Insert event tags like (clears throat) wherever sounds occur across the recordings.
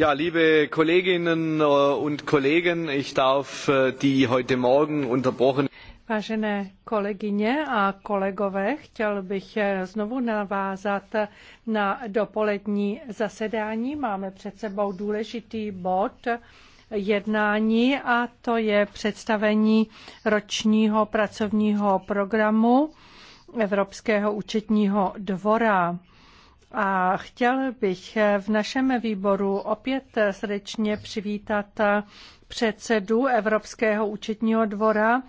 Ja, liebe Kolleginnen äh, und Kollegen, ich darf äh, die heute Morgen unterbrochene Vážené kolegyně a kolegové, chtěl bych äh, znovu navázat na dopolední zasedání. Máme před sebou důležitý bod jednání a to je představení ročního pracovního programu Evropského účetního dvora. A chtěl bych v našem výboru opět srdečně přivítat předsedu Evropského účetního dvora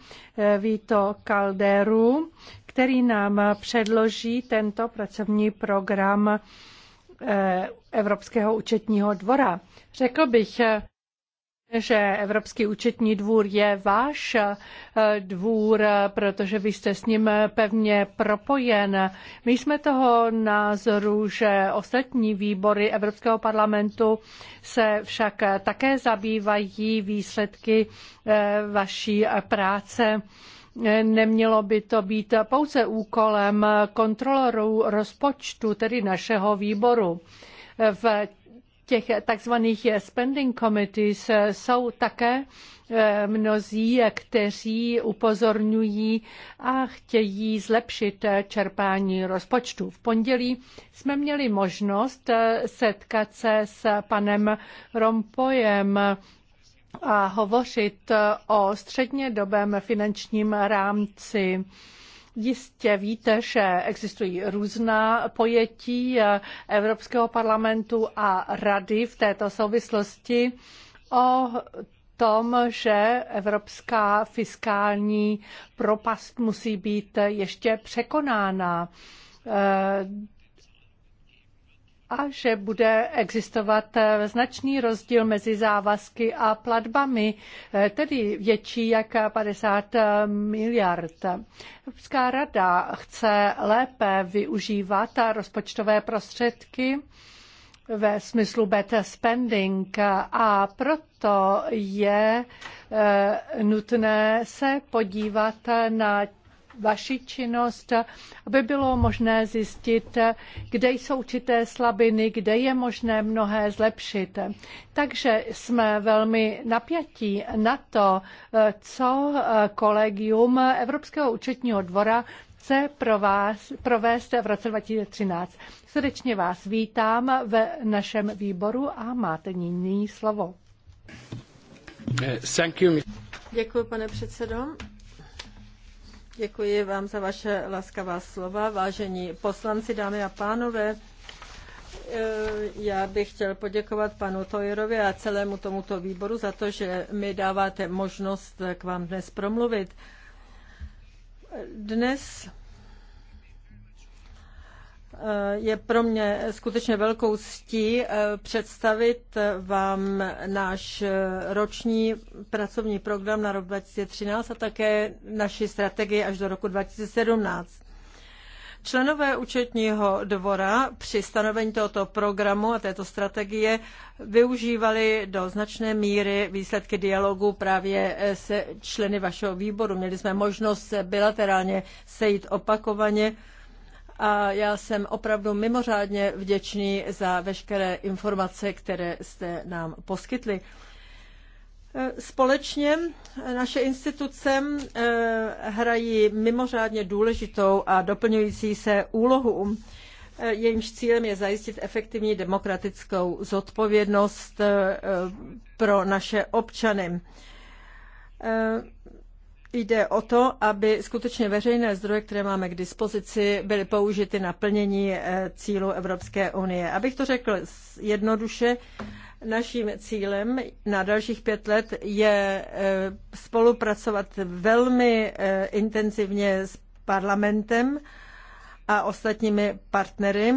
Vito Calderu, který nám předloží tento pracovní program eh, Evropského účetního dvora. Řekl bych, že Evropský účetní dvůr je váš eh, dvůr, protože vy jste s ním pevně propojen. My jsme toho názoru, že ostatní výbory Evropského parlamentu se však také zabývají výsledky eh, vaší práce. Nemělo by to být pouze úkolem kontrolorů rozpočtu, tedy našeho výboru v těch takzvaných spending committees eh, jsou také eh, mnozí, eh, kteří upozorňují a chtějí zlepšit čerpání rozpočtu. V pondělí jsme měli možnost setkat se s panem Rompojem a hovořit o střednědobém finančním rámci. Jistě víte, že existují různá pojetí eh, Evropského parlamentu a rady v této souvislosti o tom, že evropská fiskální propast musí být ještě překonána eh, a že bude existovat eh, značný rozdíl mezi závazky a platbami, eh, tedy větší jak 50 eh, miliard. Evropská rada chce lépe využívat rozpočtové prostředky ve smyslu better spending a proto je nutné se podívat na vaši činnost, aby bylo možné zjistit, kde jsou určité slabiny, kde je možné mnohé zlepšit. Takže jsme velmi napjatí na to, co kolegium Evropského účetního dvora chce pro vás provést v roce 2013. Srdečně vás vítám ve našem výboru a máte nyní slovo. Děkuji, pane předsedo. Děkuji vám za vaše laskavá slova. Vážení poslanci, dámy a pánové, eh, já bych chtěl poděkovat panu Tojerovi a celému tomuto výboru za to, že mi dáváte možnost k vám dnes promluvit. Dnes Eh, je pro mě skutečně velkou ctí eh, představit vám náš eh, roční pracovní program na rok 2013 a také naši strategii až do roku 2017. Členové účetního dvora při stanovení tohoto programu a této strategie využívali do značné míry výsledky dialogu právě se členy vašeho výboru. Měli jsme možnost se bilaterálně sejít opakovaně a já jsem opravdu mimořádně vděčný za veškeré informace, které jste nám poskytli. E, společně e, naše instituce e, hrají mimořádně důležitou a doplňující se úlohu. Jejímž cílem je zajistit efektivní demokratickou zodpovědnost pro naše občany. Jde o to, aby skutečně veřejné zdroje, které máme k dispozici, byly použity na plnění eh, cílu Evropské unie. Abych to řekl jednoduše, naším cílem na dalších pět let je eh, spolupracovat velmi eh, intenzivně s parlamentem a ostatními partnery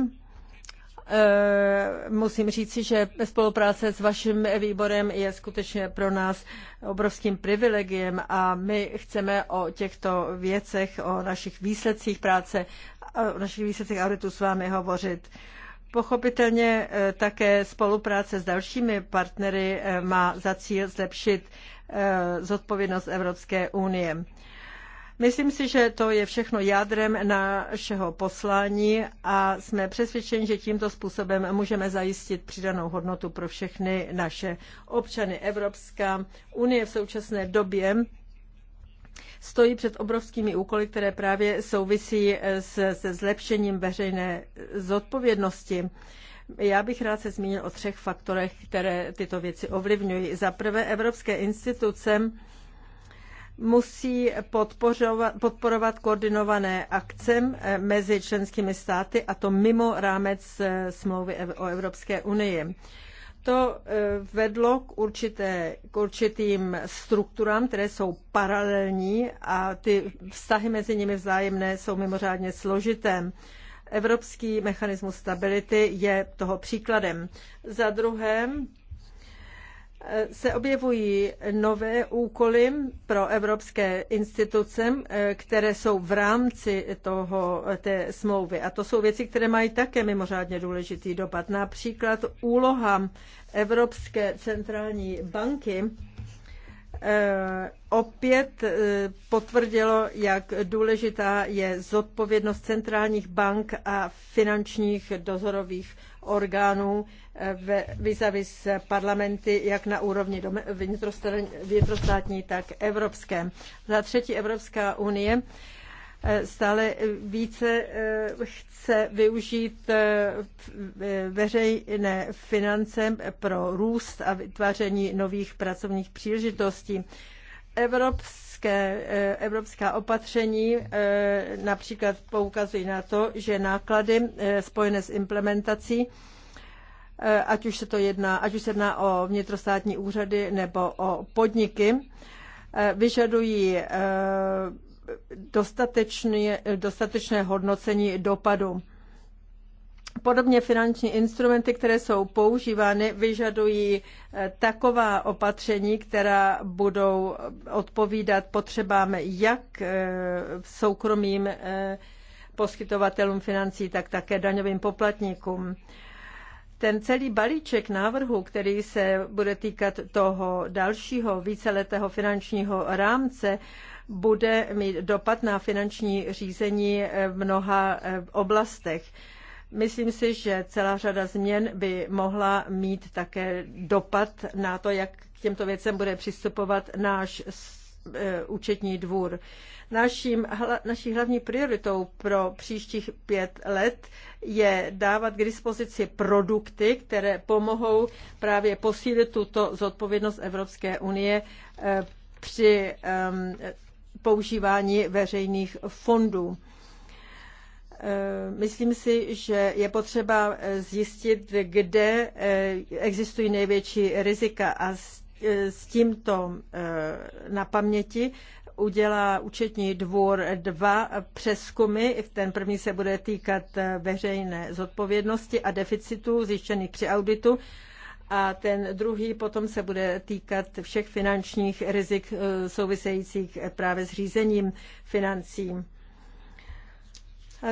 Eh, musím říci, že spolupráce s vaším výborem je skutečně pro nás obrovským privilegiem a my chceme o těchto věcech, o našich výsledcích práce, o našich výsledcích auditu s vámi hovořit. Pochopitelně eh, také spolupráce s dalšími partnery eh, má za cíl zlepšit zodpovědnost Evropské unie. Myslím si, že to je všechno jádrem našeho poslání a jsme přesvědčeni, že tímto způsobem můžeme zajistit přidanou hodnotu pro všechny naše občany. Evropská unie v současné době stojí před obrovskými úkoly, které právě souvisí se, se zlepšením veřejné zodpovědnosti. Já bych rád se zmínil o třech faktorech, které tyto věci ovlivňují. Za prvé, evropské instituce musí podporovat koordinované akce eh, mezi členskými státy a to mimo rámec eh, smlouvy o Evropské unii. To eh, vedlo k, určité, k určitým strukturám, které jsou paralelní a ty vztahy mezi nimi vzájemné jsou mimořádně složité. Evropský mechanismus stability je toho příkladem. Za druhé, Eh, se objevují nové úkoly pro evropské instituce, eh, které jsou v rámci toho, eh, té smlouvy. A to jsou věci, které mají také mimořádně důležitý dopad. Například úloha Evropské centrální banky opět potvrdilo, jak důležitá je zodpovědnost centrálních bank a finančních dozorových orgánů eh, vis parlamenty jak na úrovni vnitrostátní, tak evropské. Za třetí Evropská unie eh, stále více eh, chce využít veřejné finance pro růst a vytváření nových pracovních příležitostí. Evropská evropské, e, evropská opatření e, například poukazují na to, že náklady e, spojené s implementací ať už se to jedná, ať už se jedná o vnitrostátní úřady nebo o podniky, vyžadují dostatečné, dostatečné hodnocení dopadu. Podobně finanční instrumenty, které jsou používány, vyžadují eh, taková opatření, která budou odpovídat potřebám jak eh, soukromým eh, poskytovatelům financí, tak také daňovým poplatníkům. Ten celý balíček návrhu, který se bude týkat toho dalšího víceletého finančního rámce, bude mít dopad na finanční řízení v mnoha oblastech. Myslím si, že celá řada změn by mohla mít také dopad na to, jak k těmto věcem bude přistupovat náš e, účetní dvůr. Naším, hla, naší hlavní prioritou pro příštích pět let je dávat k dispozici produkty, které pomohou právě posílit tuto zodpovědnost Evropské unie e, při používání veřejných fondů. Eh, myslím si, že je potřeba eh, zjistit, kde eh, existují největší rizika a s tímto na paměti udělá účetní dvůr dva přeskumy. Ten první se bude týkat veřejné zodpovědnosti a deficitu zjištěných při auditu a ten druhý potom se bude týkat všech finančních rizik souvisejících právě s řízením financí.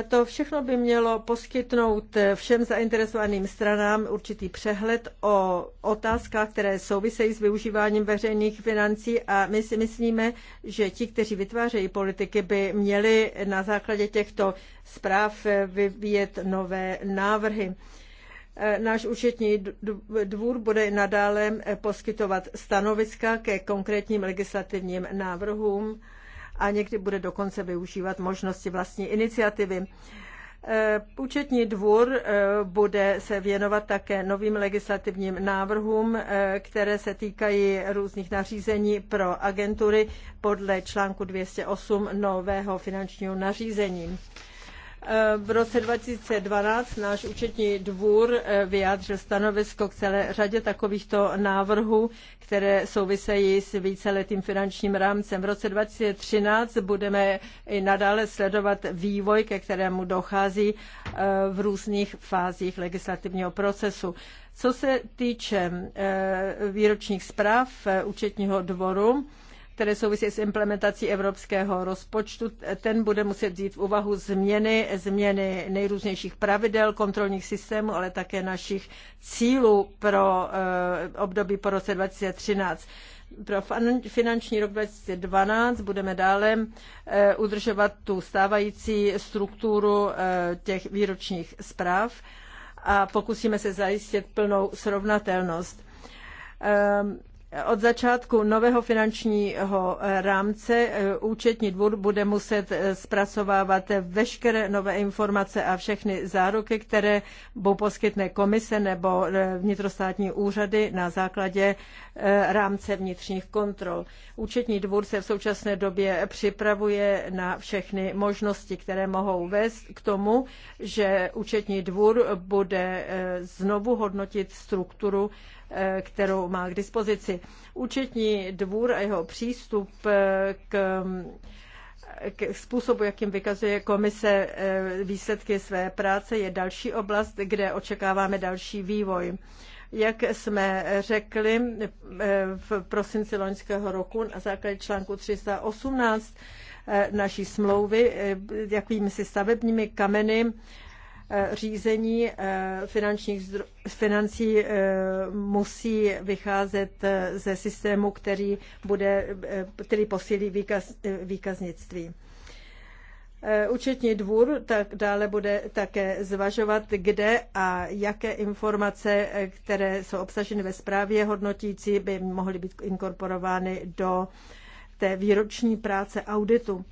To všechno by mělo poskytnout všem zainteresovaným stranám určitý přehled o otázkách, které souvisejí s využíváním veřejných financí a my si myslíme, že ti, kteří vytvářejí politiky, by měli na základě těchto zpráv vyvíjet nové návrhy. Náš účetní dvůr bude nadále poskytovat stanoviska ke konkrétním legislativním návrhům a někdy bude dokonce využívat možnosti vlastní iniciativy. E, účetní dvůr e, bude se věnovat také novým legislativním návrhům, e, které se týkají různých nařízení pro agentury podle článku 208 nového finančního nařízení. V roce 2012 náš účetní dvůr eh, vyjádřil stanovisko k celé řadě takovýchto návrhů, které souvisejí s víceletým finančním rámcem. V roce 2013 budeme i nadále sledovat vývoj, ke kterému dochází eh, v různých fázích legislativního procesu. Co se týče eh, výročních zpráv účetního dvoru, které souvisí s implementací evropského rozpočtu. Ten bude muset vzít v úvahu změny, změny nejrůznějších pravidel, kontrolních systémů, ale také našich cílů pro eh, období po roce 2013. Pro finanční rok 2012 budeme dále eh, udržovat tu stávající strukturu eh, těch výročních zpráv a pokusíme se zajistit plnou srovnatelnost. Ehm, od začátku nového finančního rámce eh, účetní dvůr bude muset eh, zpracovávat veškeré nové informace a všechny záruky, které budou poskytné komise nebo eh, vnitrostátní úřady na základě rámce vnitřních kontrol. Účetní dvůr se v současné době připravuje na všechny možnosti, které mohou vést k tomu, že účetní dvůr bude znovu hodnotit strukturu kterou má k dispozici. Účetní dvůr a jeho přístup eh, k k způsobu, jakým vykazuje komise eh, výsledky své práce, je další oblast, kde očekáváme další vývoj. Jak jsme řekli eh, v prosinci loňského roku na základě článku 318 naší smlouvy, jakými si stavebními kameny Eh, řízení eh, finančních financí eh, musí vycházet ze systému, který, bude, který posílí výkaz, výkaznictví. Účetní dvůr tak dále bude také zvažovat, kde a jaké informace, které jsou obsaženy ve zprávě hodnotící, by mohly být inkorporovány do té výroční práce auditu.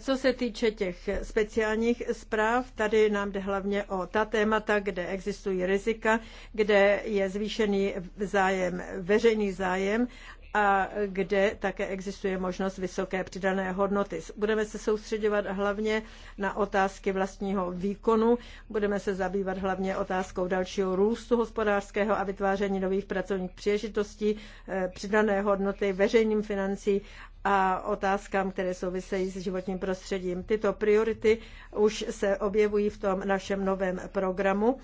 Co se týče těch speciálních zpráv, tady nám jde hlavně o ta témata, kde existují rizika, kde je zvýšený zájem, veřejný zájem a kde také existuje možnost vysoké přidané hodnoty. Budeme se soustředovat hlavně na otázky vlastního výkonu, budeme se zabývat hlavně otázkou dalšího růstu hospodářského a vytváření nových pracovních příležitostí, eh, přidané hodnoty veřejným financí a otázkám, které souvisejí s životním prostředím. Tyto priority už se objevují v tom našem novém programu.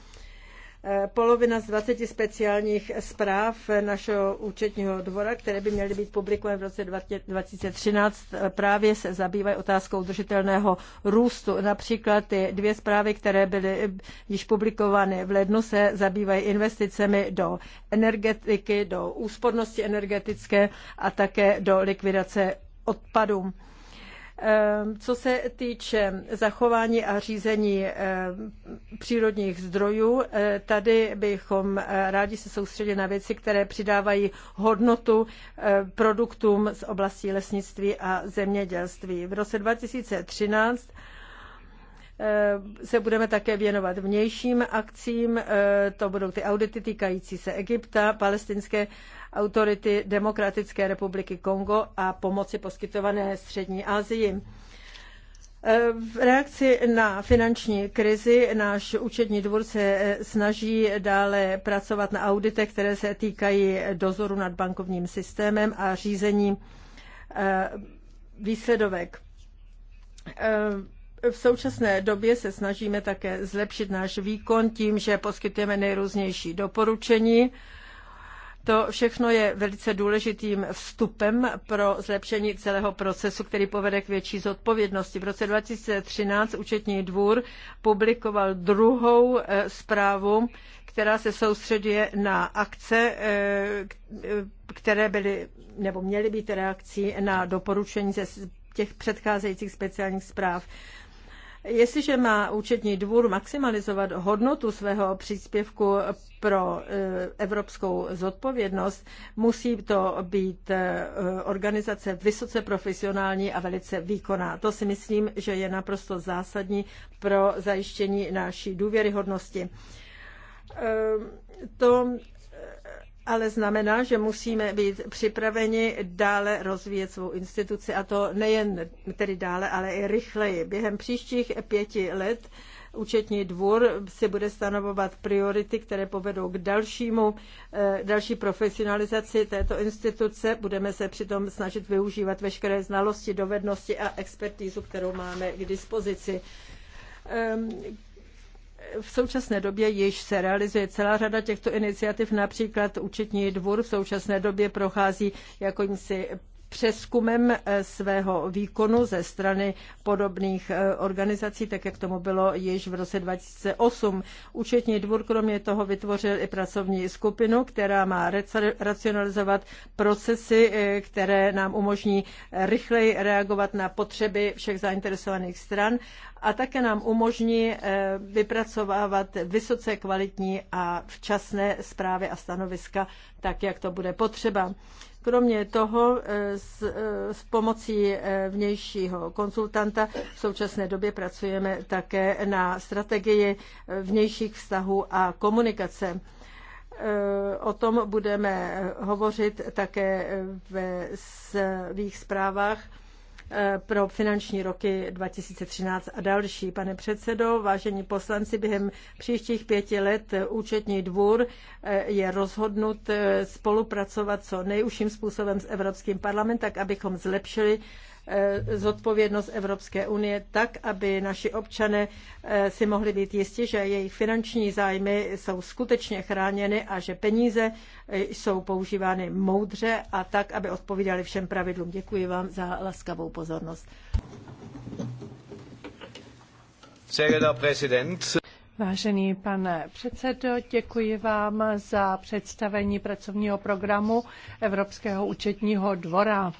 Eh, polovina z 20 speciálních zpráv našeho účetního dvora, které by měly být publikovány v roce 2013, eh, právě se zabývají otázkou udržitelného růstu. Například ty dvě zprávy, které byly eh, již publikovány v lednu, se zabývají investicemi do energetiky, do úspornosti energetické a také do likvidace odpadů. Ehm, co se týče zachování a řízení ehm, přírodních zdrojů, eh, tady bychom eh, rádi se soustředili na věci, které přidávají hodnotu eh, produktům z oblasti lesnictví a zemědělství. V roce 2013 Eh, se budeme také věnovat vnějším akcím, eh, to budou ty audity týkající se Egypta, palestinské autority Demokratické republiky Kongo a pomoci poskytované Střední Asii. Eh, v reakci na finanční krizi náš účetní dvůr se snaží dále pracovat na auditech, které se týkají dozoru nad bankovním systémem a řízení výsledovek. V současné době se snažíme také zlepšit náš výkon tím, že poskytujeme nejrůznější doporučení. To všechno je velice důležitým vstupem pro zlepšení celého procesu, který povede k větší zodpovědnosti. V roce 2013 účetní dvůr publikoval druhou e, zprávu, která se soustředuje na akce, e, e, které byly nebo měly být reakcí na doporučení ze těch předcházejících speciálních zpráv. Jestliže má účetní dvůr maximalizovat hodnotu svého příspěvku pro e, evropskou zodpovědnost, musí to být e, organizace vysoce profesionální a velice výkonná. To si myslím, že je naprosto zásadní pro zajištění naší důvěryhodnosti. E, to ale znamená, že musíme být připraveni dále rozvíjet svou instituci a to nejen tedy dále, ale i rychleji. Během příštích pěti let účetní dvůr si bude stanovovat priority, které povedou k dalšímu, eh, další profesionalizaci této instituce. Budeme se přitom snažit využívat veškeré znalosti, dovednosti a expertízu, kterou máme k dispozici ehm, v současné době již se realizuje celá řada těchto iniciativ, například účetní dvůr v současné době prochází jakýmsi přeskumem eh, svého výkonu ze strany podobných eh, organizací, tak jak tomu bylo již v roce 2008. Účetní dvůr kromě toho vytvořil i pracovní skupinu, která má racionalizovat procesy, eh, které nám umožní rychleji reagovat na potřeby všech zainteresovaných stran a také nám umožní vypracovávat vysoce kvalitní a včasné zprávy a stanoviska, tak jak to bude potřeba. Kromě toho eh, s, eh, s pomocí eh, vnějšího konsultanta v současné době pracujeme také na strategii vnějších vztahů a komunikace. O tom budeme hovořit také ve svých zprávách pro finanční roky 2013 a další. Pane předsedo, vážení poslanci, během příštích pěti let účetní dvůr eh, je rozhodnut eh, spolupracovat co nejužším způsobem s Evropským parlamentem, tak abychom zlepšili Eh, zodpovědnost Evropské unie tak, aby naši občané eh, si mohli být jisti, že jejich finanční zájmy jsou skutečně chráněny a že peníze eh, jsou používány moudře a tak, aby odpovídali všem pravidlům. Děkuji vám za laskavou pozornost. Vážený pane předsedo, děkuji vám za představení pracovního programu Evropského účetního dvora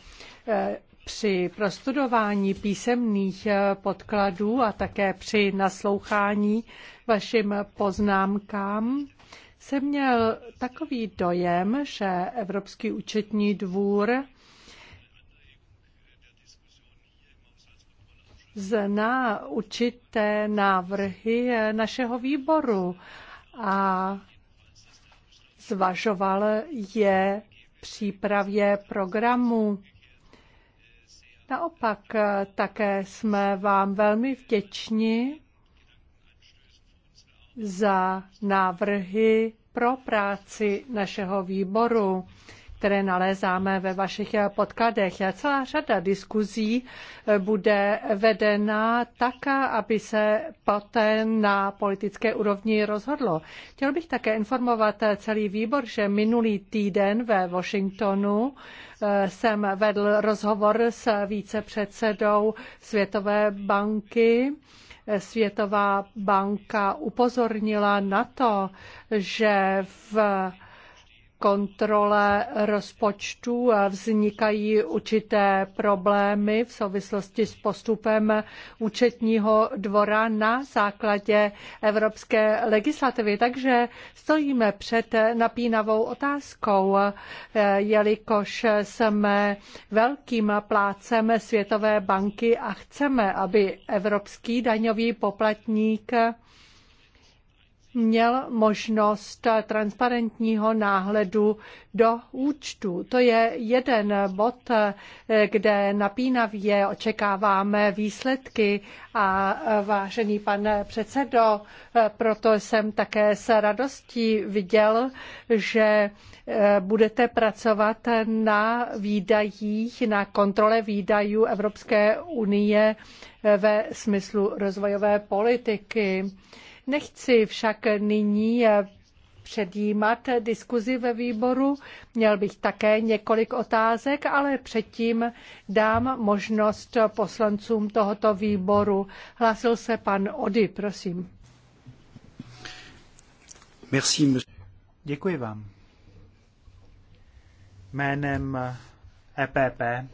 při prostudování písemných eh, podkladů a také při naslouchání vašim poznámkám jsem měl takový dojem, že Evropský účetní dvůr zná určité návrhy eh, našeho výboru a zvažoval je přípravě programu Naopak eh, také jsme vám velmi vděční za návrhy pro práci našeho výboru které nalézáme ve vašich podkladech. Celá řada diskuzí eh, bude vedena tak, aby se poté na politické úrovni rozhodlo. Chtěl bych také informovat eh, celý výbor, že minulý týden ve Washingtonu eh, jsem vedl rozhovor s vícepředsedou Světové banky. Světová banka upozornila na to, že v kontrole rozpočtu vznikají určité problémy v souvislosti s postupem účetního dvora na základě evropské legislativy. Takže stojíme před napínavou otázkou, jelikož jsme velkým plácem Světové banky a chceme, aby evropský daňový poplatník měl možnost transparentního náhledu do účtu. To je jeden bod, kde napínavě očekáváme výsledky a vážený pane předsedo, proto jsem také s radostí viděl, že eh, budete pracovat na výdajích, na kontrole výdajů Evropské unie eh, ve smyslu rozvojové politiky. Nechci však nyní eh, předjímat diskuzi ve výboru. Měl bych také několik otázek, ale předtím dám možnost poslancům tohoto výboru. Hlásil se pan Ody, prosím. Merci. Děkuji vám. Jménem EPP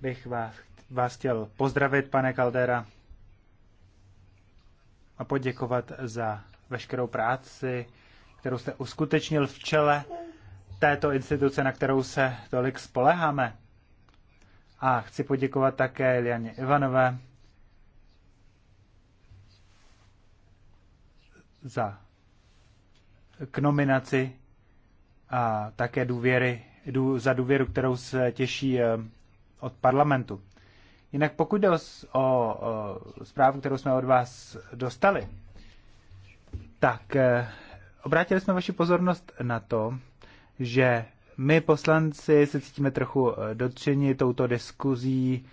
bych vás, vás chtěl pozdravit, pane Caldera, a poděkovat za veškerou práci, kterou jste uskutečnil v čele této instituce, na kterou se tolik spoleháme. A chci poděkovat také Lianě Ivanové za k nominaci a také důvěry, za důvěru, kterou se těší eh, od parlamentu. Jinak pokud jde o, o zprávu, kterou jsme od vás dostali, tak eh, obrátili jsme vaši pozornost na to, že my poslanci se cítíme trochu eh, dotčeni touto diskuzí,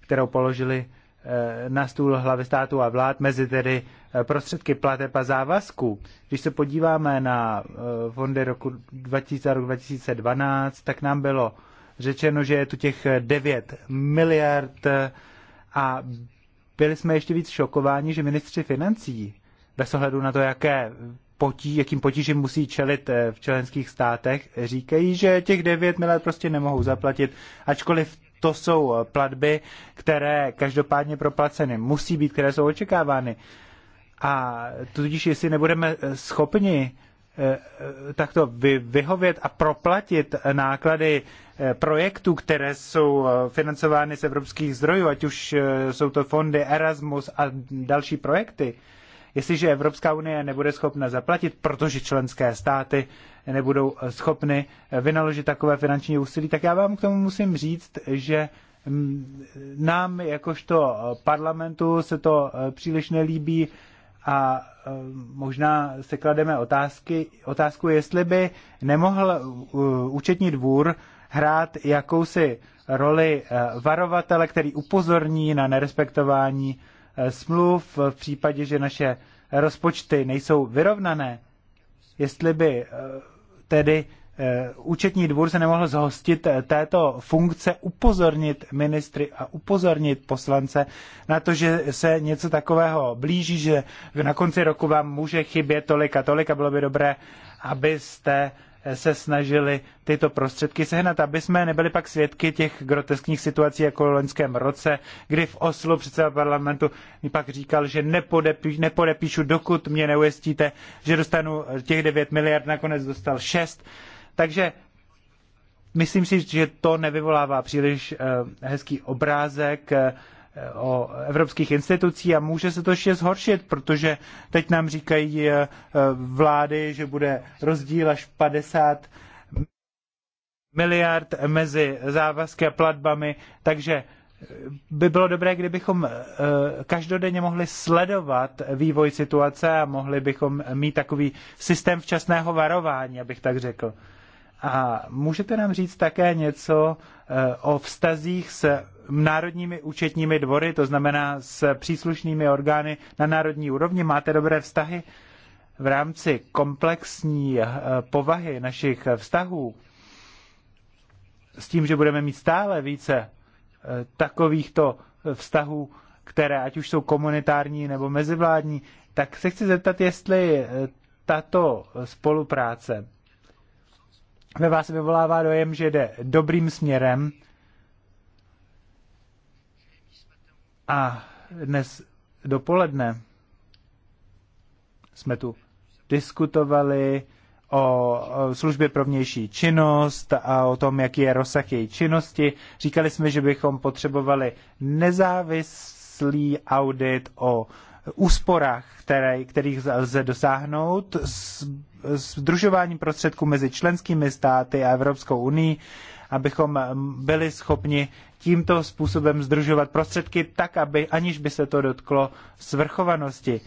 kterou položili eh, na stůl hlavy státu a vlád mezi tedy prostředky plateb a závazků. Když se podíváme na fondy roku 2000, roku 2012, tak nám bylo řečeno, že je tu těch 9 eh, miliard eh, a byli jsme ještě víc šokováni, že ministři financí, bez ohledu na to, jaké potí, jakým potížím musí čelit eh, v členských státech, říkají, že těch 9 miliard prostě nemohou zaplatit, ačkoliv to jsou platby, které každopádně proplaceny musí být, které jsou očekávány. A tudíž, jestli nebudeme schopni Eh, takto vy, vyhovět a proplatit náklady eh, projektů, které jsou eh, financovány z evropských zdrojů, ať už jsou to fondy Erasmus a další projekty, jestliže Evropská unie nebude schopna zaplatit, protože členské státy nebudou schopny vynaložit takové finanční úsilí, tak já vám k tomu musím říct, že mm, nám jakožto parlamentu se to příliš nelíbí a e, možná se klademe otázky, otázku, jestli by nemohl e, účetní dvůr hrát jakousi roli e, varovatele, který upozorní na nerespektování smluv v případě, že naše rozpočty nejsou vyrovnané. Jestli by tedy Eh, účetní dvůr se nemohl zhostit eh, této funkce upozornit ministry a upozornit poslance na to, že se něco takového blíží, že na konci roku vám může chybět tolik a tolik a bylo by dobré, abyste eh, se snažili tyto prostředky sehnat, aby jsme nebyli pak svědky těch groteskních situací jako v loňském roce, kdy v Oslu předseda parlamentu mi pak říkal, že nepodepí, nepodepíšu, dokud mě neujistíte, že dostanu těch 9 miliard, nakonec dostal 6. Takže myslím si, že to nevyvolává příliš eh, hezký obrázek eh, o evropských institucí a může se to ještě zhoršit, protože teď nám říkají eh, vlády, že bude rozdíl až 50 miliard mezi závazky a platbami, takže by bylo dobré, kdybychom každodenně mohli sledovat vývoj situace a mohli bychom mít takový systém včasného varování, abych tak řekl. A můžete nám říct také něco eh, o vztazích s národními účetními dvory, to znamená s příslušnými orgány na národní úrovni? Máte dobré vztahy v rámci komplexní eh, povahy našich vztahů? S tím, že budeme mít stále více eh, takovýchto vztahů, které ať už jsou komunitární nebo mezivládní, tak se chci zeptat, jestli tato spolupráce ve vás vyvolává dojem, že jde dobrým směrem. A dnes dopoledne jsme tu diskutovali o službě pro vnější činnost a o tom, jaký je rozsah její činnosti. Říkali jsme, že bychom potřebovali nezávislý audit o úsporách, které, kterých lze dosáhnout, združováním prostředků mezi členskými státy a Evropskou unii, abychom mm, byli schopni tímto způsobem združovat prostředky tak, aby aniž by se to dotklo svrchovanosti.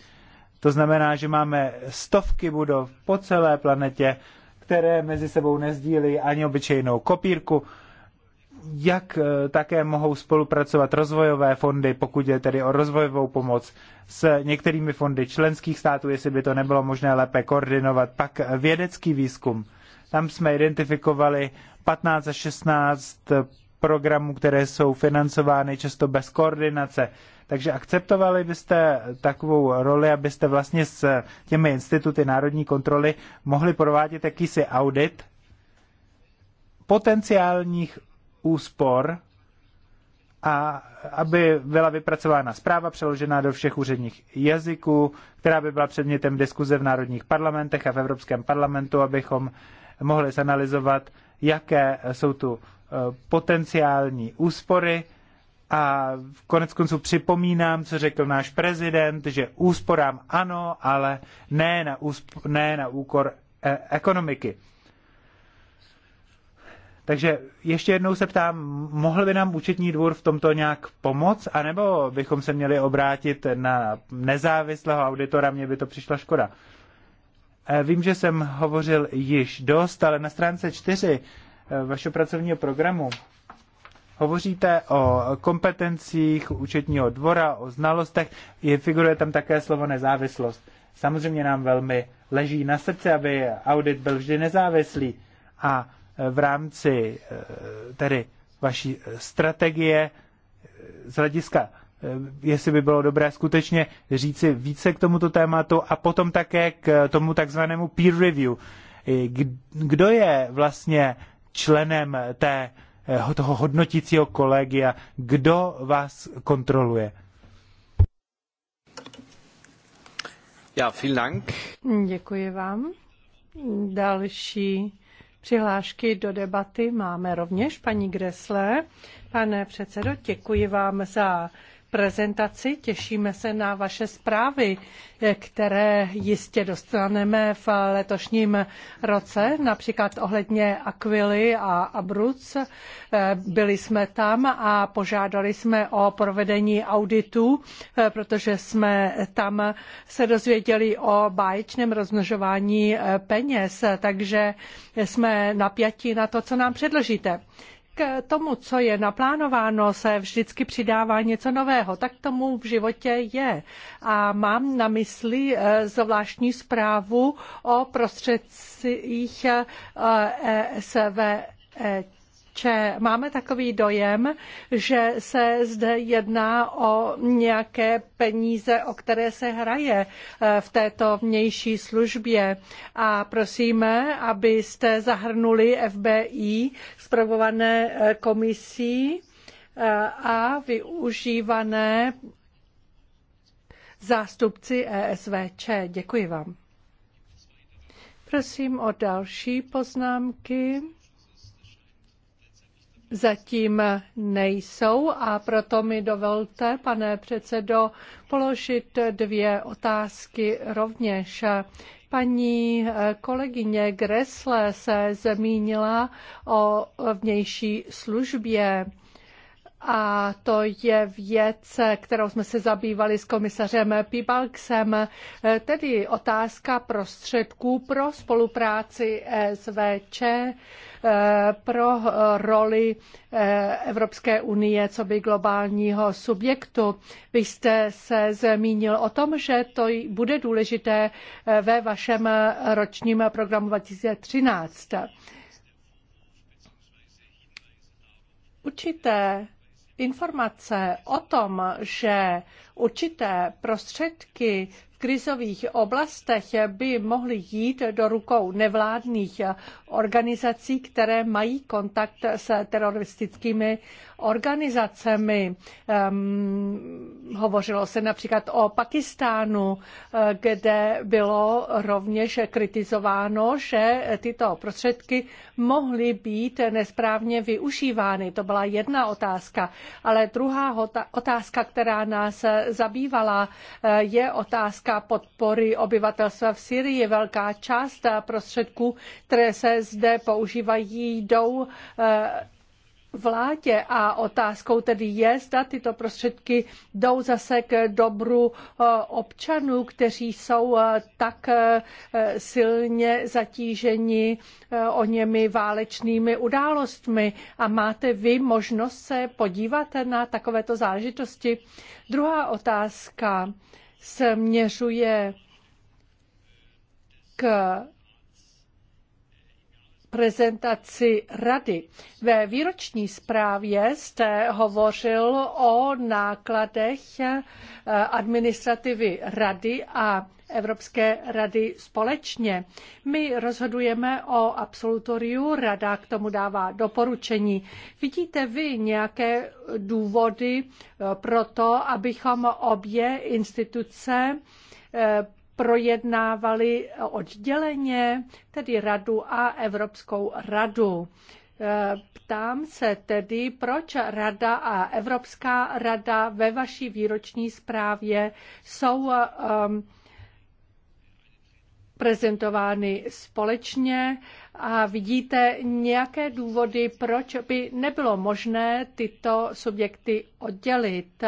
To znamená, že máme stovky budov po celé planetě, které mezi sebou nezdílí ani obyčejnou kopírku, jak eh, také mohou spolupracovat rozvojové fondy, pokud je tedy o rozvojovou pomoc s některými fondy členských států, jestli by to nebylo možné lépe koordinovat. Pak vědecký výzkum. Tam jsme identifikovali 15 až 16 programů, které jsou financovány často bez koordinace. Takže akceptovali byste takovou roli, abyste vlastně s těmi instituty národní kontroly mohli provádět jakýsi audit potenciálních úspor a aby byla vypracována zpráva přeložená do všech úředních jazyků, která by byla předmětem diskuze v národních parlamentech a v Evropském parlamentu, abychom mohli zanalizovat, jaké jsou tu e, potenciální úspory. A konec konců připomínám, co řekl náš prezident, že úsporám ano, ale ne na, úsp- ne na úkor e, ekonomiky. Takže ještě jednou se ptám, mohl by nám účetní dvůr v tomto nějak pomoct, anebo bychom se měli obrátit na nezávislého auditora, mně by to přišla škoda. Eh, vím, že jsem hovořil již dost, ale na stránce 4 eh, vašeho pracovního programu hovoříte o kompetencích účetního dvora, o znalostech, je, figuruje tam také slovo nezávislost. Samozřejmě nám velmi leží na srdci, aby audit byl vždy nezávislý a v rámci eh, tedy vaší eh, strategie eh, z hlediska, jestli by bylo dobré skutečně říci více k tomuto tématu a potom také k tomu takzvanému peer review. Kdo je vlastně členem té, toho hodnotícího kolegia? Kdo vás kontroluje? Ja, vielen Dank. Děkuji vám. Další Přihlášky do debaty máme rovněž paní Gresle. Pane předsedo, děkuji vám za prezentaci. Těšíme se na vaše zprávy, které jistě dostaneme v letošním roce, například ohledně Aquily a Abruc. Byli jsme tam a požádali jsme o provedení auditu, protože jsme tam se dozvěděli o báječném rozmnožování peněz, takže jsme napjatí na to, co nám předložíte k tomu, co je naplánováno, se vždycky přidává něco nového. Tak tomu v životě je. A mám na mysli eh, zvláštní zprávu o prostředcích eh, e SVET če máme takový dojem, že se zde jedná o nějaké peníze, o které se hraje eh, v této vnější službě. A prosíme, abyste zahrnuli FBI zpravované eh, komisí eh, a využívané zástupci ESVČ. Děkuji vám. Prosím o další poznámky zatím nejsou a proto mi dovolte, pane předsedo, položit dvě otázky rovněž. Paní kolegyně Gresle se zmínila o vnější službě a to je věc, kterou jsme se zabývali s komisařem Pibalksem, tedy otázka prostředků pro spolupráci SVČ, pro roli Evropské unie co by globálního subjektu. Vy jste se zmínil o tom, že to bude důležité ve vašem ročním programu 2013. Určité Informace o tom, že určité prostředky krizových oblastech by mohly jít do rukou nevládních organizací, které mají kontakt s teroristickými organizacemi. Um, hovořilo se například o Pakistánu, kde bylo rovněž kritizováno, že tyto prostředky mohly být nesprávně využívány. To byla jedna otázka. Ale druhá otázka, která nás zabývala, eh, je otázka otázka podpory obyvatelstva v Syrii, velká část prostředků, které se zde používají, jdou eh, vládě a otázkou tedy je, zda tyto prostředky jdou zase k dobru eh, občanů, kteří jsou eh, tak silně zatíženi o němi válečnými událostmi. A máte vy možnost se podívat na takovéto záležitosti? Druhá otázka směřuje k prezentaci rady. Ve výroční zprávě jste hovořil o nákladech eh, administrativy rady a Evropské rady společně. My rozhodujeme o absolutoriu, rada k tomu dává doporučení. Vidíte vy nějaké důvody eh, pro to, abychom obě instituce eh, projednávali odděleně, tedy radu a Evropskou radu. E, ptám se tedy, proč Rada a Evropská rada ve vaší výroční zprávě jsou um, prezentovány společně a vidíte nějaké důvody, proč by nebylo možné tyto subjekty oddělit.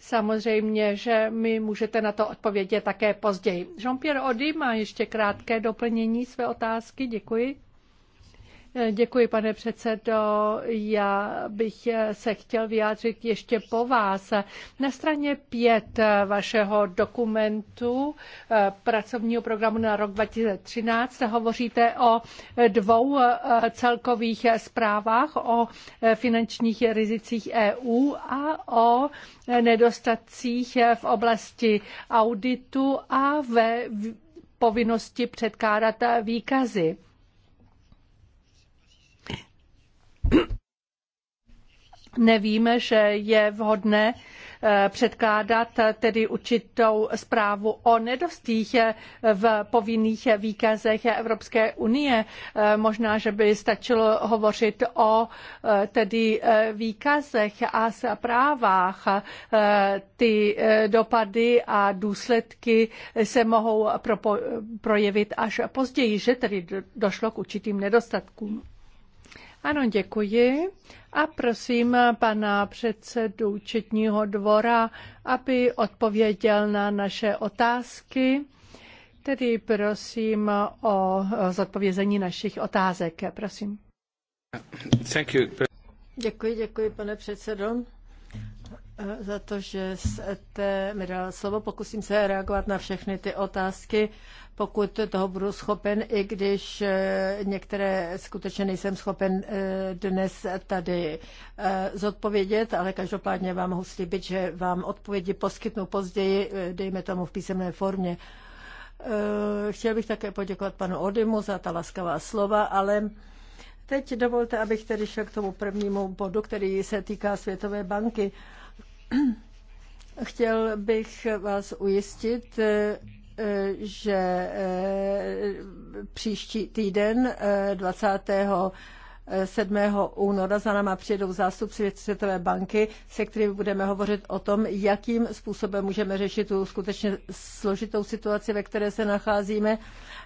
Samozřejmě, že mi můžete na to odpovědět také později. Jean-Pierre Ody má ještě krátké doplnění své otázky. Děkuji. Děkuji, pane předsedo. Já bych se chtěl vyjádřit ještě po vás. Na straně 5 vašeho dokumentu eh, pracovního programu na rok 2013 hovoříte o dvou eh, celkových zprávách o eh, finančních rizicích EU a o nedostatcích v oblasti auditu a ve povinnosti předkládat výkazy. Nevíme, že je vhodné eh, předkládat tedy určitou zprávu o nedostých eh, v povinných výkazech Evropské unie. Eh, možná, že by stačilo hovořit o tedy výkazech a zprávách. Ty dopady a důsledky se mohou projevit až později, že tedy došlo k určitým nedostatkům. Ano, děkuji. A prosím pana předsedu Četního dvora, aby odpověděl na naše otázky. Tedy prosím o zodpovězení našich otázek. Prosím. Thank you. Děkuji, děkuji, pane předsedo, za to, že jste mi dal slovo. Pokusím se reagovat na všechny ty otázky pokud toho budu schopen, i když eh, některé skutečně nejsem schopen eh, dnes tady eh, zodpovědět, ale každopádně vám mohu slíbit, že vám odpovědi poskytnu později, dejme tomu v písemné formě. Chtěl bych také poděkovat panu Odimu za ta laskavá slova, ale teď dovolte, abych tedy šel k tomu prvnímu bodu, který se týká Světové banky. (clears throat) Chtěl bych vás ujistit, že eh, příští týden 20. Eh, 7. února za náma přijedou zástupci Světové banky, se kterými budeme hovořit o tom, jakým způsobem můžeme řešit tu skutečně složitou situaci, ve které se nacházíme.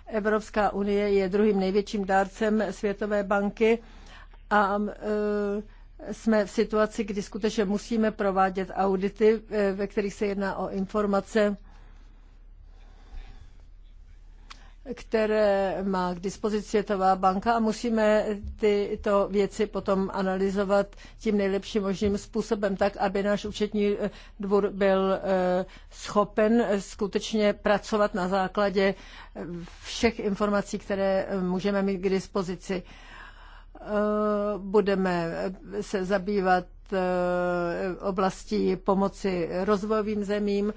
Evropská unie je druhým největším dárcem Světové banky a eh, jsme v situaci, kdy skutečně musíme provádět audity, ve kterých se jedná o informace, které má k dispozici Světová banka a musíme tyto věci potom analyzovat tím nejlepším možným způsobem, tak aby náš účetní dvůr byl eh, schopen skutečně pracovat na základě všech informací, které můžeme mít k dispozici. Eh, budeme se zabývat eh, oblastí pomoci rozvojovým zemím,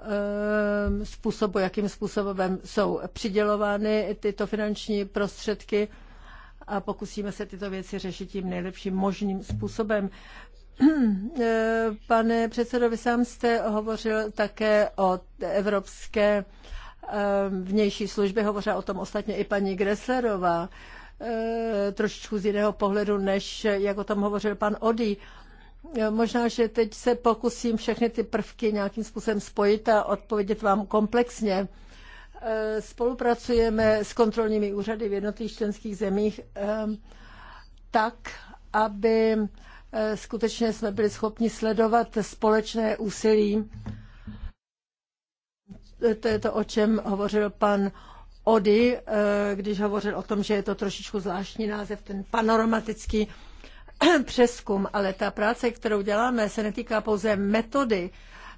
Ehm, způsobu, jakým způsobem jsou přidělovány tyto finanční prostředky a pokusíme se tyto věci řešit tím nejlepším možným způsobem. Ehm, pane předsedo, vy sám jste hovořil také o evropské ehm, vnější službě, hovořila o tom ostatně i paní Greslerová, trošičku z jiného pohledu, než jak o tom hovořil pan Odí. Možná, že teď se pokusím všechny ty prvky nějakým způsobem spojit a odpovědět vám komplexně. E, spolupracujeme s kontrolními úřady v jednotlivých členských zemích e, tak, aby e, skutečně jsme byli schopni sledovat společné úsilí. To je to, o čem hovořil pan Ody, když hovořil o tom, že je to trošičku zvláštní název, ten panoramatický (clears throat) přeskum, ale ta práce, kterou děláme, se netýká pouze metody,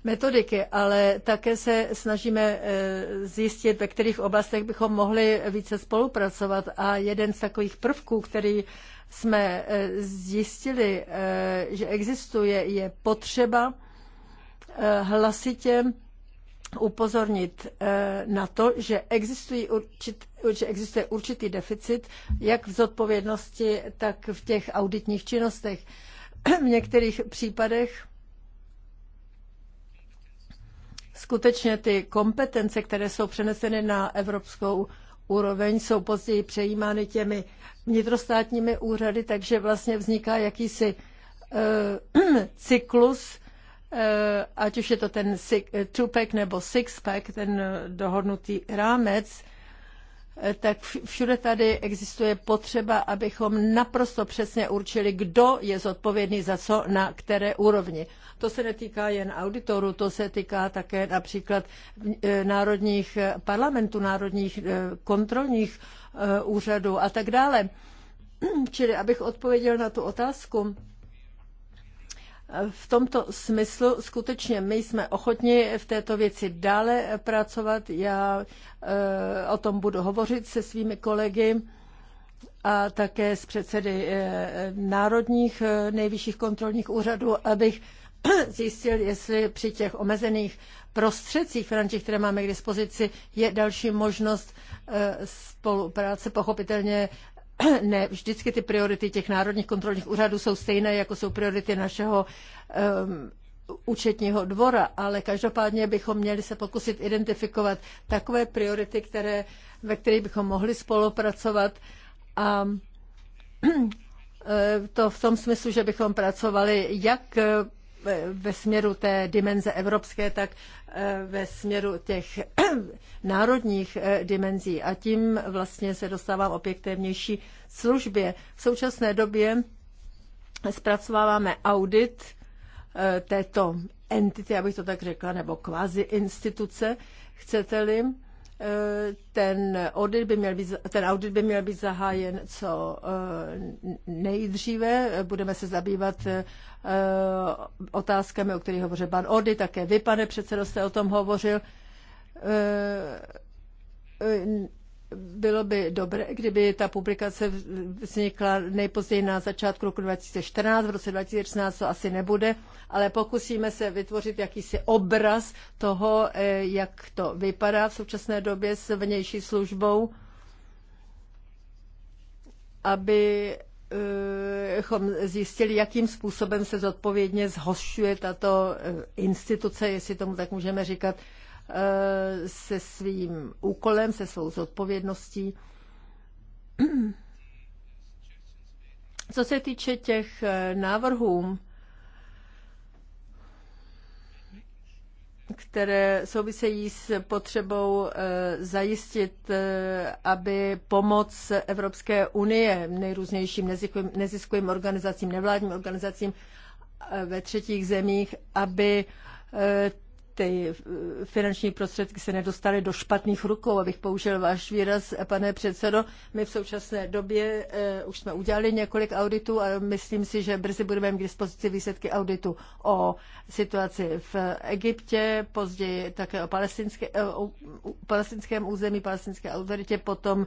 metodiky, ale také se snažíme e, zjistit, ve kterých oblastech bychom mohli více spolupracovat. A jeden z takových prvků, který jsme e, zjistili, e, že existuje, je potřeba hlasitě upozornit eh, na to, že, existují určit, že existuje určitý deficit jak v zodpovědnosti, tak v těch auditních činnostech. (clears throat) V některých případech skutečně ty kompetence, které jsou přeneseny na evropskou úroveň, jsou později přejímány těmi vnitrostátními úřady, takže vlastně vzniká jakýsi eh, (clears throat) cyklus Eh, ať už je to ten eh, two-pack nebo six-pack, ten eh, dohodnutý rámec, tak všude tady existuje potřeba, abychom naprosto přesně určili, kdo je zodpovědný za co na které úrovni. To se netýká jen auditorů, to se týká také například národních parlamentů, národních kontrolních úřadů a tak dále. Čili abych odpověděl na tu otázku, v tomto smyslu skutečně my jsme ochotni v této věci dále pracovat. Já eh, o tom budu hovořit se svými kolegy a také s předsedy eh, národních eh, nejvyšších kontrolních úřadů, abych (clears throat) zjistil, jestli při těch omezených prostředcích finančních, které máme k dispozici, je další možnost spolupráce. Pochopitelně (clears throat) ne vždycky ty priority těch národních kontrolních úřadů jsou stejné, jako jsou priority našeho um, účetního dvora, ale každopádně bychom měli se pokusit identifikovat takové priority, které, ve kterých bychom mohli spolupracovat a (clears throat) e, to v tom smyslu, že bychom pracovali jak Eh, ve směru té dimenze evropské, tak eh, ve směru těch (clears throat) národních eh, dimenzí. A tím vlastně se dostávám opět k té vnější službě. V současné době zpracováváme audit této entity, abych to tak řekla, nebo kvázi instituce, chcete-li, ten audit by měl být, ten audit by měl být zahájen co eh, nejdříve. Budeme se zabývat eh, otázkami, o kterých hovořil pan Ody, také vy, pane předsedo, jste o tom hovořil eh, bylo by dobré, kdyby ta publikace vznikla nejpozději na začátku roku 2014, v roce 2016 to asi nebude, ale pokusíme se vytvořit jakýsi obraz toho, eh, jak to vypadá v současné době s vnější službou, aby abychom eh, zjistili, jakým způsobem se zodpovědně zhošťuje tato eh, instituce, jestli tomu tak můžeme říkat, Eh, se svým úkolem, se svou zodpovědností. Co se týče těch eh, návrhů, které souvisejí s potřebou eh, zajistit, aby pomoc Evropské unie nejrůznějším neziskovým organizacím, nevládním organizacím ve třetích zemích, aby ty eh, finanční prostředky se nedostaly do špatných rukou, abych použil váš výraz, pane předsedo. My v současné době eh, už jsme udělali několik auditů a myslím si, že brzy budeme mít k dispozici výsledky auditu o situaci v Egyptě, později také o, palestinské, eh, o palestinském území, palestinské autoritě, potom m,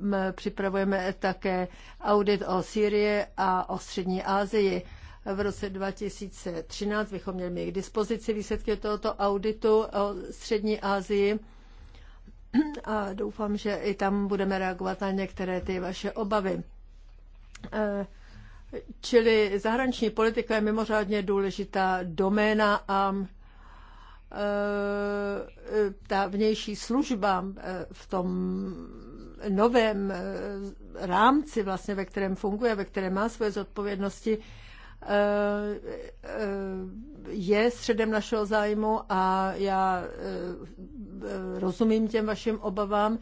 mm, eh, připravujeme také audit o Syrii a o Střední Asii. V roce 2013 bychom měli mít k dispozici výsledky tohoto auditu o Střední Asii a doufám, že i tam budeme reagovat na některé ty vaše obavy. Eh, čili zahraniční politika je mimořádně důležitá doména a eh, ta vnější služba eh, v tom novém rámci, vlastně, ve kterém funguje, ve kterém má své zodpovědnosti, je středem našeho zájmu a já eh, rozumím těm vašim obavám.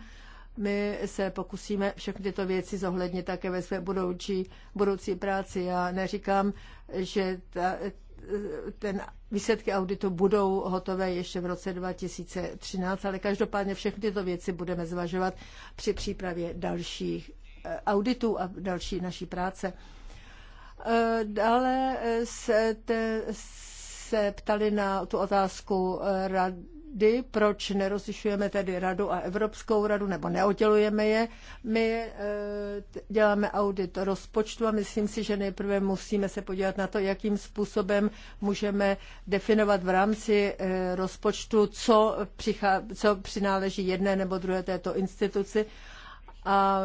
My se pokusíme všechny tyto věci zohlednit také ve své budoucí, budoucí práci. Já neříkám, že ta, ten výsledky auditu budou hotové ještě v roce 2013, ale každopádně všechny tyto věci budeme zvažovat při přípravě dalších eh, auditů a další naší práce. Eh, dále eh, te, se ptali na tu otázku eh, rady, proč nerozlišujeme tedy radu a Evropskou radu, nebo neoddělujeme je. My děláme audit rozpočtu a myslím si, že nejprve musíme se podívat na to, jakým způsobem můžeme definovat v rámci rozpočtu, co, přichá, co přináleží jedné nebo druhé této instituci. A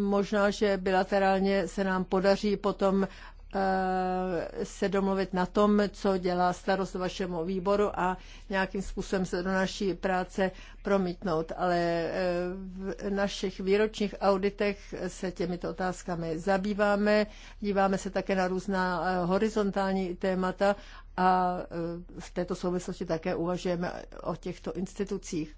možná, že bilaterálně se nám podaří potom eh, se domluvit na tom, co dělá starost vašemu výboru a nějakým způsobem se do naší práce promítnout. Ale eh, v našich výročních auditech se těmito otázkami zabýváme, díváme se také na různá eh, horizontální témata a v této souvislosti také uvažujeme o těchto institucích.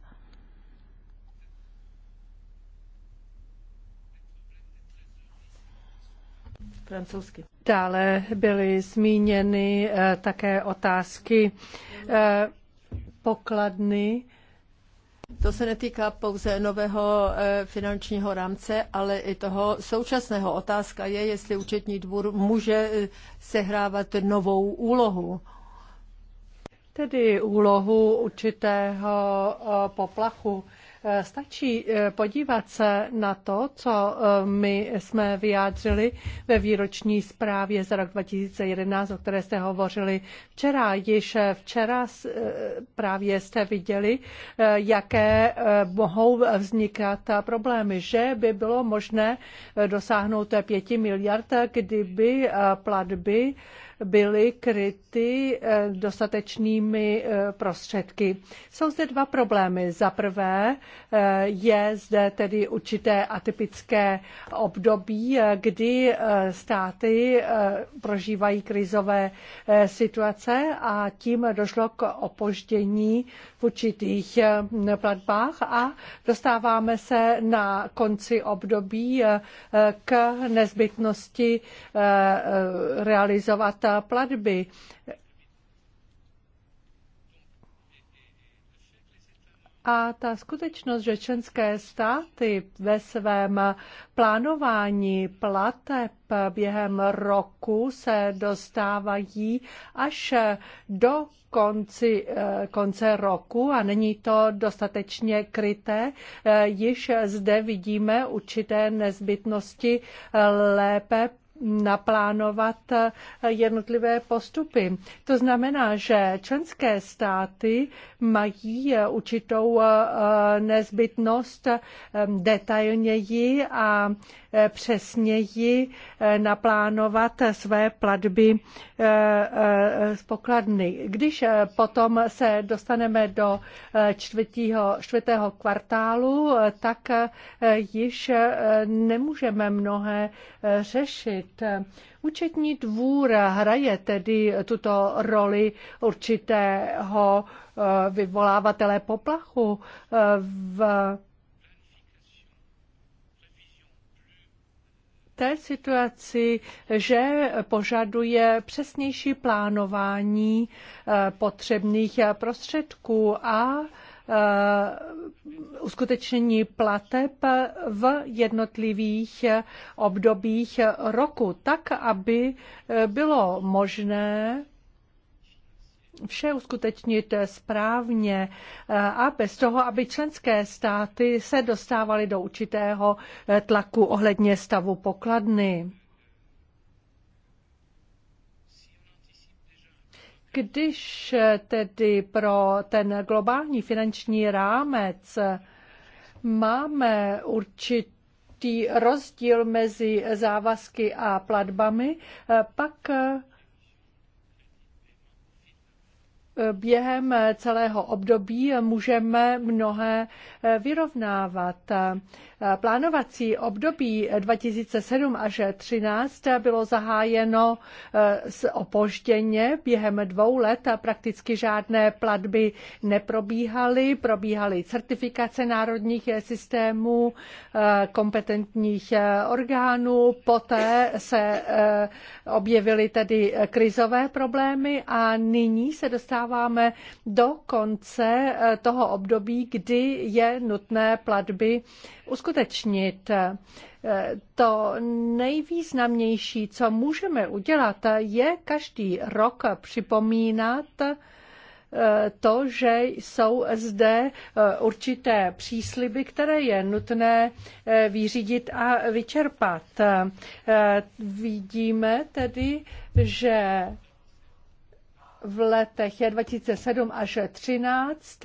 francouzsky. Dále byly zmíněny eh, také otázky eh, pokladny. To se netýká pouze nového eh, finančního rámce, ale i toho současného. Otázka je, jestli účetní dvůr může sehrávat novou úlohu. Tedy úlohu určitého poplachu. Eh, stačí eh, podívat se na to, co eh, my jsme vyjádřili ve výroční zprávě za rok 2011, o které jste hovořili včera. Již včera právě jste viděli, jaké mohou vznikat problémy, že by bylo možné dosáhnout 5 miliard, kdyby platby byly kryty eh, dostatečnými eh, prostředky. Jsou zde dva problémy. Za prvé eh, je zde tedy určité atypické období, kdy státy prožívají krizové situace a tím došlo k opoždění v určitých platbách a dostáváme se na konci období k nezbytnosti realizovat místa platby. A ta skutečnost, že členské státy ve svém plánování plateb během roku se dostávají až do konci, eh, konce roku a není to dostatečně kryté. Eh, již zde vidíme určité nezbytnosti lépe naplánovat eh, jednotlivé postupy. To znamená, že členské státy mají eh, určitou eh, nezbytnost detailněji a Eh, přesněji eh, naplánovat své platby eh, z pokladny. Když potom se dostaneme do čtvrtího, čtvrtého kvartálu, tak již nemůžeme mnohé řešit. Účetní dvůr hraje tedy tuto roli určitého vyvolávatele poplachu v té situaci, že požaduje přesnější plánování eh, potřebných prostředků a eh, uskutečnění plateb v jednotlivých obdobích roku, tak aby eh, bylo možné vše uskutečnit správně eh, a bez toho, aby členské státy se dostávaly do určitého eh, tlaku ohledně stavu pokladny. Když eh, tedy pro ten globální finanční rámec máme určitě rozdíl mezi závazky a platbami, pak během celého období můžeme mnohé eh, vyrovnávat. Plánovací období 2007 až 2013 bylo zahájeno eh, s opožděně. Během dvou let prakticky žádné platby neprobíhaly. Probíhaly certifikace národních eh, systémů kompetentních orgánů. Poté se objevily tedy krizové problémy a nyní se dostává dostáváme do konce eh, toho období, kdy je nutné platby uskutečnit. Eh, to nejvýznamnější, co můžeme udělat, je každý rok připomínat, eh, to, že jsou zde určité přísliby, které je nutné vyřídit a vyčerpat. Vidíme tedy, že v letech 2007 až 2013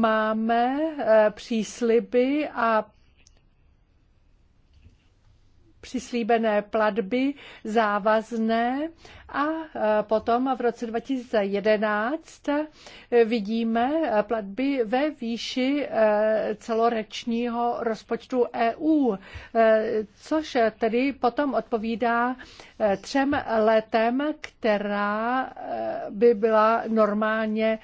máme eh, přísliby a přislíbené platby závazné a e, potom v roce 2011 e, vidíme e, platby ve výši celoročního rozpočtu EU, což tedy potom odpovídá třem letem, která by byla normálně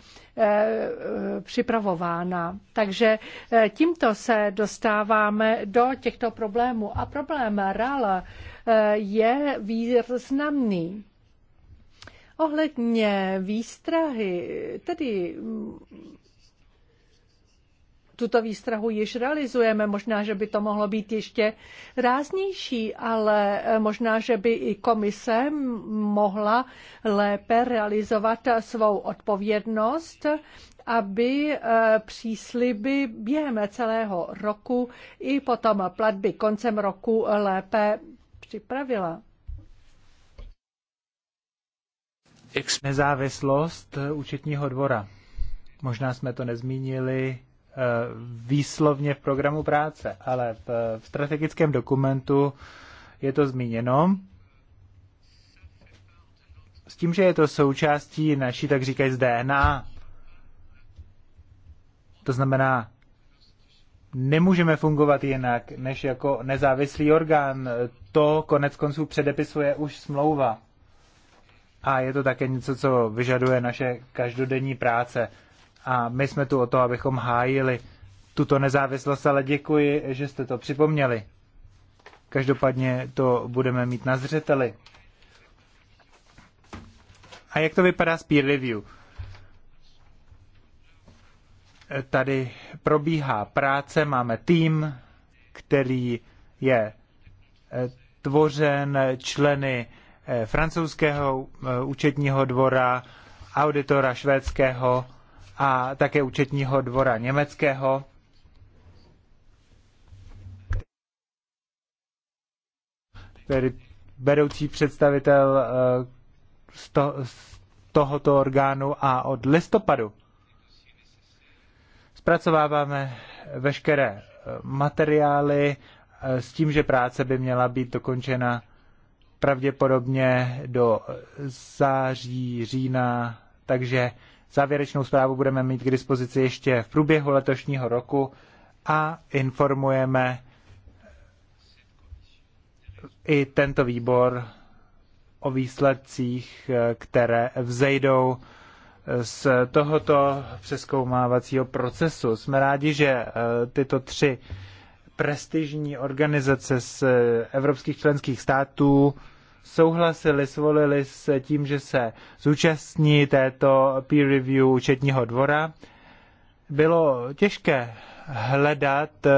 připravována. Takže tímto se dostáváme do těchto problémů. A problém RAL je významný. Ohledně výstrahy, tedy tuto výstrahu již realizujeme. Možná, že by to mohlo být ještě ráznější, ale možná, že by i komise mohla lépe realizovat svou odpovědnost aby eh, přísliby během celého roku i potom platby koncem roku lépe připravila. Nezávislost eh, účetního dvora. Možná jsme to nezmínili eh, výslovně v programu práce, ale v strategickém dokumentu je to zmíněno. S tím, že je to součástí naší, tak říkají, z DNA. To znamená, nemůžeme fungovat jinak, než jako nezávislý orgán. To konec konců předepisuje už smlouva a je to také něco, co vyžaduje naše každodenní práce. A my jsme tu o to, abychom hájili tuto nezávislost, ale děkuji, že jste to připomněli. Každopádně to budeme mít na zřeteli. A jak to vypadá s peer review? Tady probíhá práce, máme tým, který je tvořen členy Eh, francouzského eh, účetního dvora, auditora švédského a také účetního dvora německého. Tedy vedoucí představitel eh, z, to, z tohoto orgánu a od listopadu zpracováváme veškeré materiály s tím, že práce by měla být dokončena pravděpodobně do září, října, takže závěrečnou zprávu budeme mít k dispozici ještě v průběhu letošního roku a informujeme i tento výbor o výsledcích, které vzejdou z tohoto přeskoumávacího procesu. Jsme rádi, že eh, tyto tři prestižní organizace z eh, evropských členských států souhlasili, svolili s tím, že se zúčastní této peer review účetního dvora. Bylo těžké hledat eh,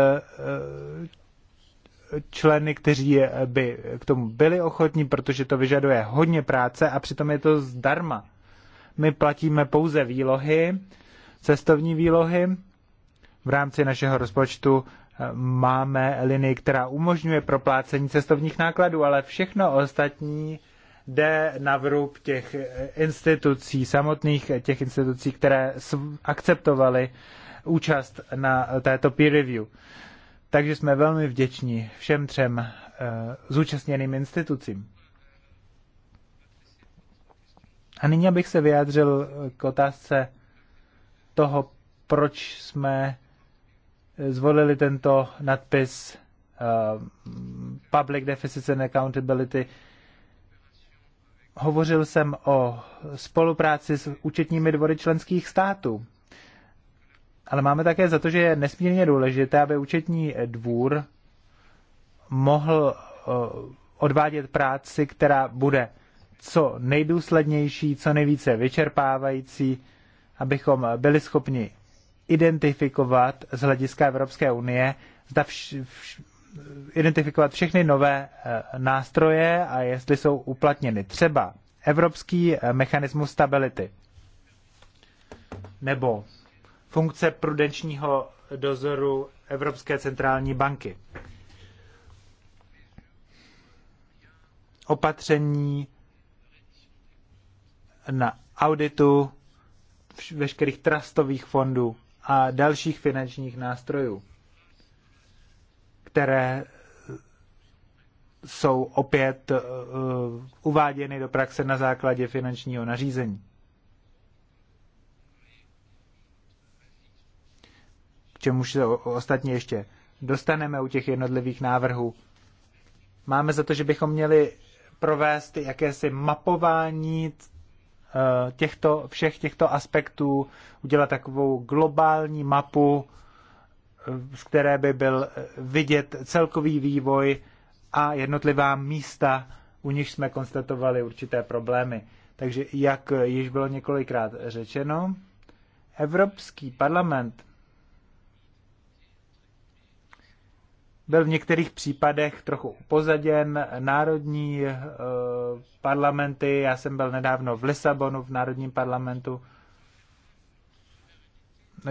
členy, kteří by k tomu byli ochotní, protože to vyžaduje hodně práce a přitom je to zdarma. My platíme pouze výlohy, cestovní výlohy v rámci našeho rozpočtu máme linii, která umožňuje proplácení cestovních nákladů, ale všechno ostatní jde na vrub těch institucí, samotných těch institucí, které akceptovaly účast na této peer review. Takže jsme velmi vděční všem třem eh, zúčastněným institucím. A nyní abych se vyjádřil k otázce toho, proč jsme zvolili tento nadpis uh, Public Deficits and Accountability. Hovořil jsem o spolupráci s účetními dvory členských států. Ale máme také za to, že je nesmírně důležité, aby účetní dvůr mohl uh, odvádět práci, která bude co nejdůslednější, co nejvíce vyčerpávající, abychom byli schopni identifikovat z hlediska Evropské unie, zda vš, vš, identifikovat všechny nové eh, nástroje a jestli jsou uplatněny. Třeba Evropský eh, mechanismus stability nebo funkce prudenčního dozoru Evropské centrální banky. Opatření na auditu veškerých trustových fondů a dalších finančních nástrojů, které jsou opět eh, uváděny do praxe na základě finančního nařízení. K čemu se ostatně ještě dostaneme u těch jednotlivých návrhů. Máme za to, že bychom měli provést jakési mapování Eh, těchto, všech těchto aspektů, udělat takovou globální mapu, eh, z které by byl eh, vidět celkový vývoj a jednotlivá místa, u nich jsme konstatovali určité problémy. Takže jak již bylo několikrát řečeno, Evropský parlament byl v některých případech trochu upozaděn. Národní e, parlamenty, já jsem byl nedávno v Lisabonu v Národním parlamentu,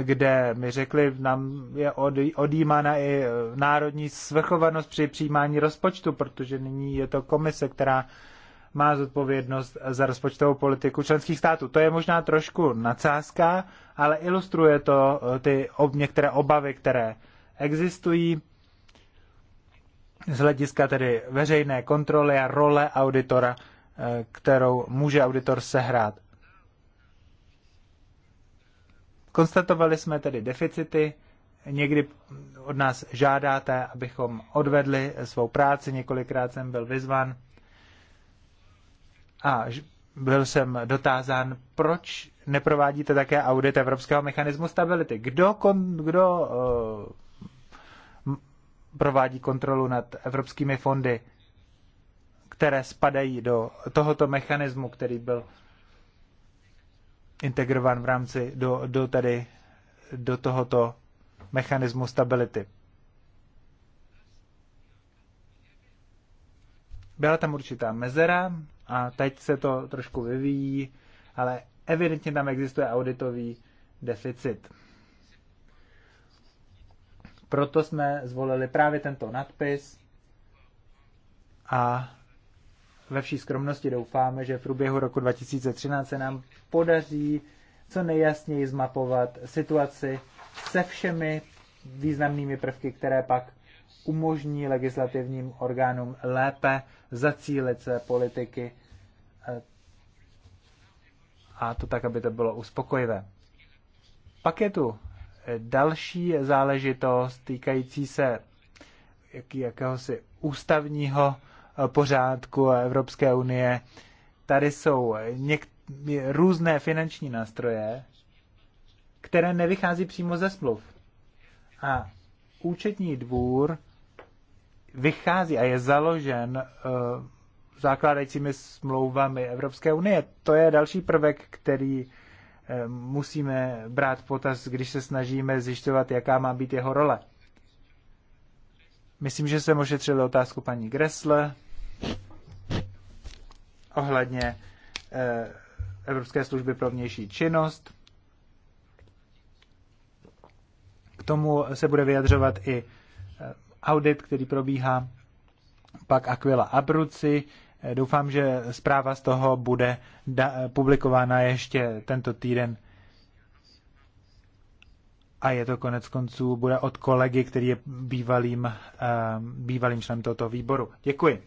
kde mi řekli, nám je odjímána i eh, národní svrchovanost při přijímání rozpočtu, protože nyní je to komise, která má zodpovědnost za rozpočtovou politiku členských států. To je možná trošku nadsázka, ale ilustruje to eh, ty ob, některé obavy, které existují z hlediska tedy veřejné kontroly a role auditora, eh, kterou může auditor sehrát. Konstatovali jsme tedy deficity, někdy od nás žádáte, abychom odvedli svou práci, několikrát jsem byl vyzvan a byl jsem dotázán, proč neprovádíte také audit Evropského mechanismu stability. Kdo, kon, kdo uh, provádí kontrolu nad evropskými fondy, které spadají do tohoto mechanismu, který byl integrován v rámci do, do tady do tohoto mechanismu stability. Byla tam určitá mezera a teď se to trošku vyvíjí, ale evidentně tam existuje auditový deficit. Proto jsme zvolili právě tento nadpis a ve vší skromnosti doufáme, že v průběhu roku 2013 se nám podaří co nejjasněji zmapovat situaci se všemi významnými prvky, které pak umožní legislativním orgánům lépe zacílit své politiky eh, a to tak, aby to bylo uspokojivé. Pak je tu další záležitost týkající se jak, jakéhosi ústavního eh, pořádku Evropské unie. Tady jsou eh, něk, různé finanční nástroje, které nevychází přímo ze smluv. A účetní dvůr vychází a je založen uh, eh, základajícími smlouvami Evropské unie. To je další prvek, který musíme brát potaz, když se snažíme zjišťovat, jaká má být jeho role. Myslím, že jsem ošetřil otázku paní Gressle ohledně eh, Evropské služby pro vnější činnost. K tomu se bude vyjadřovat i eh, audit, který probíhá pak Aquila Abruci, Eh, doufám, že zpráva z toho bude eh, publikována ještě tento týden. A je to konec konců, bude od kolegy, který je bývalým, eh, bývalým členem tohoto výboru. Děkuji.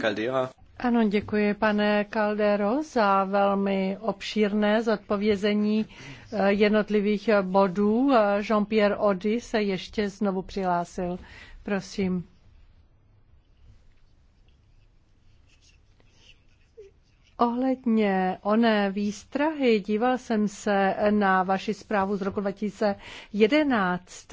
Caldera. Ano, děkuji, pane Caldero, za velmi obšírné zodpovězení jednotlivých bodů. Jean-Pierre Ody se ještě znovu přihlásil. Prosím. Ohledně oné výstrahy, díval jsem se na vaši zprávu z roku 2011.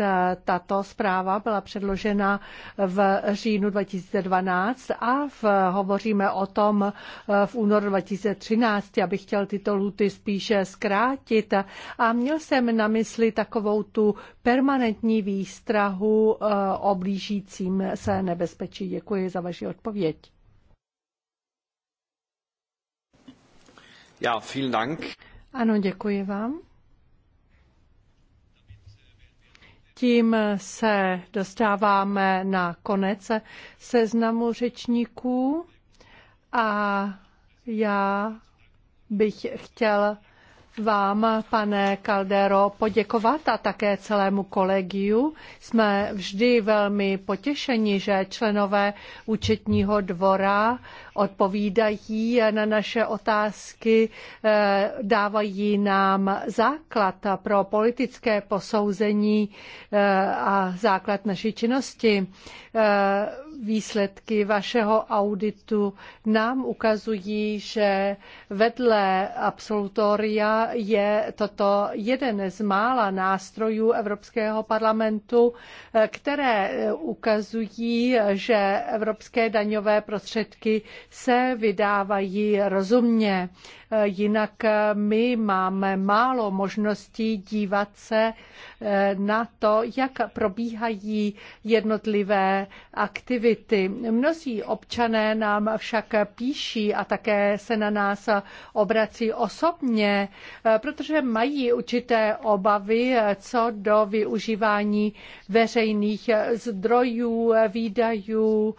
Tato zpráva byla předložena v říjnu 2012 a v, hovoříme o tom eh, v únoru 2013. Já bych chtěl tyto luty spíše zkrátit a měl jsem na mysli takovou tu permanentní výstrahu eh, o blížícím se nebezpečí. Děkuji za vaši odpověď. Ja, vielen Dank. Ano, děkuji vám. Tím se dostáváme na konec seznamu řečníků a já bych chtěl vám, pane Caldero, poděkovat a také celému kolegiu. Jsme vždy velmi potěšeni, že členové účetního dvora odpovídají na naše otázky, eh, dávají nám základ pro politické posouzení eh, a základ naší činnosti eh, Výsledky vašeho auditu nám ukazují, že vedle absolutoria je toto jeden z mála nástrojů Evropského parlamentu, které ukazují, že evropské daňové prostředky se vydávají rozumně. Eh, jinak eh, my máme málo možností dívat se eh, na to, jak probíhají jednotlivé aktivity. Mnozí občané nám však píší a také se na nás obrací osobně, protože mají určité obavy co do využívání veřejných zdrojů, výdajů,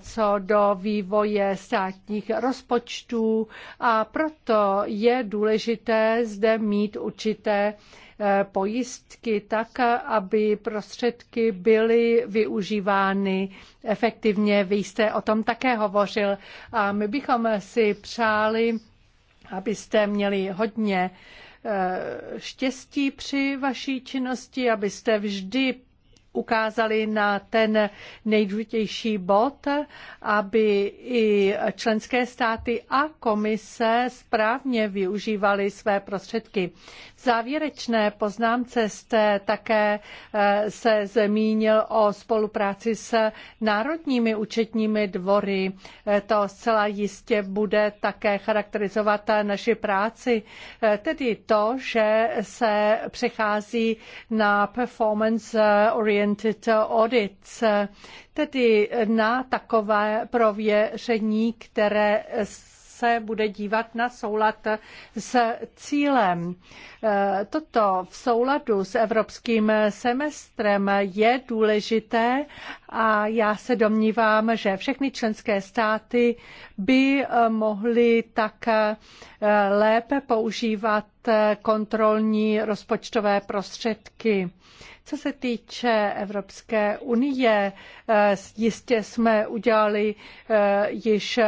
co do vývoje státních rozpočtů a pro proto je důležité zde mít určité eh, pojistky tak, aby prostředky byly využívány efektivně. Vy jste o tom také hovořil a my bychom si přáli, abyste měli hodně eh, štěstí při vaší činnosti, abyste vždy ukázali na ten nejdůležitější bod, aby i členské státy a komise správně využívaly své prostředky. V závěrečné poznámce jste také eh, se zmínil o spolupráci s národními účetními dvory. Eh, to zcela jistě bude také charakterizovat naši práci, eh, tedy to, že se přechází na performance oriented oriented audits, tedy na takové prověření, které se bude dívat na soulad s cílem. Toto v souladu s evropským semestrem je důležité a já se domnívám, že všechny členské státy by mohly tak lépe používat kontrolní rozpočtové prostředky. Co se týče Evropské unie, eh, jistě jsme udělali eh, již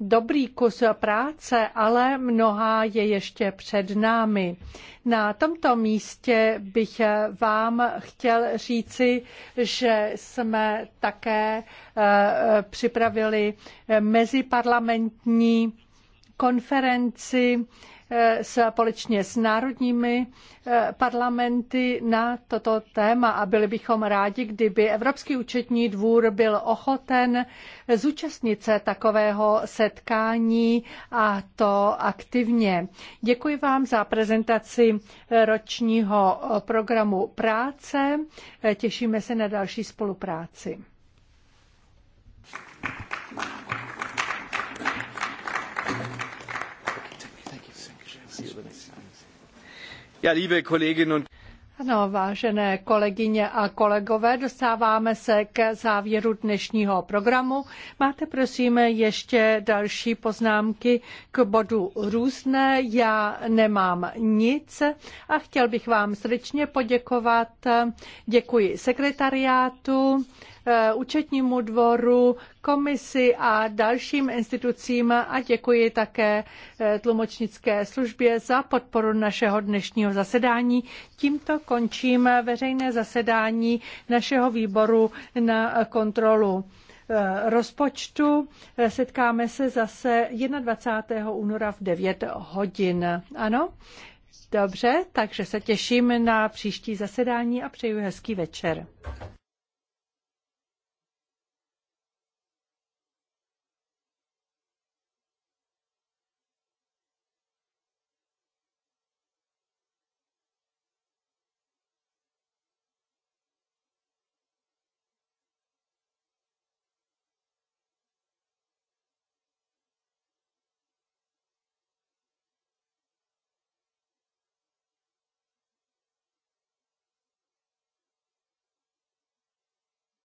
dobrý kus práce, ale mnoha je ještě před námi. Na tomto místě bych vám chtěl říci, že jsme také eh, připravili meziparlamentní konferenci společně s národními eh, parlamenty na toto téma a byli bychom rádi, kdyby Evropský účetní dvůr byl ochoten zúčastnit se takového setkání a to aktivně. Děkuji vám za prezentaci eh, ročního eh, programu práce. Těšíme se na další spolupráci. ano, vážené kolegyně a kolegové, dostáváme se k závěru dnešního programu. Máte prosím ještě další poznámky k bodu různé. Já nemám nic a chtěl bych vám srdečně poděkovat. Děkuji sekretariátu Eh, účetnímu dvoru, komisi a dalším institucím a děkuji také eh, tlumočnické službě za podporu našeho dnešního zasedání. Tímto končím veřejné zasedání našeho výboru na kontrolu eh, rozpočtu. Setkáme se zase 21. února v 9 hodin. Ano? Dobře, takže se těším na příští zasedání a přeju hezký večer.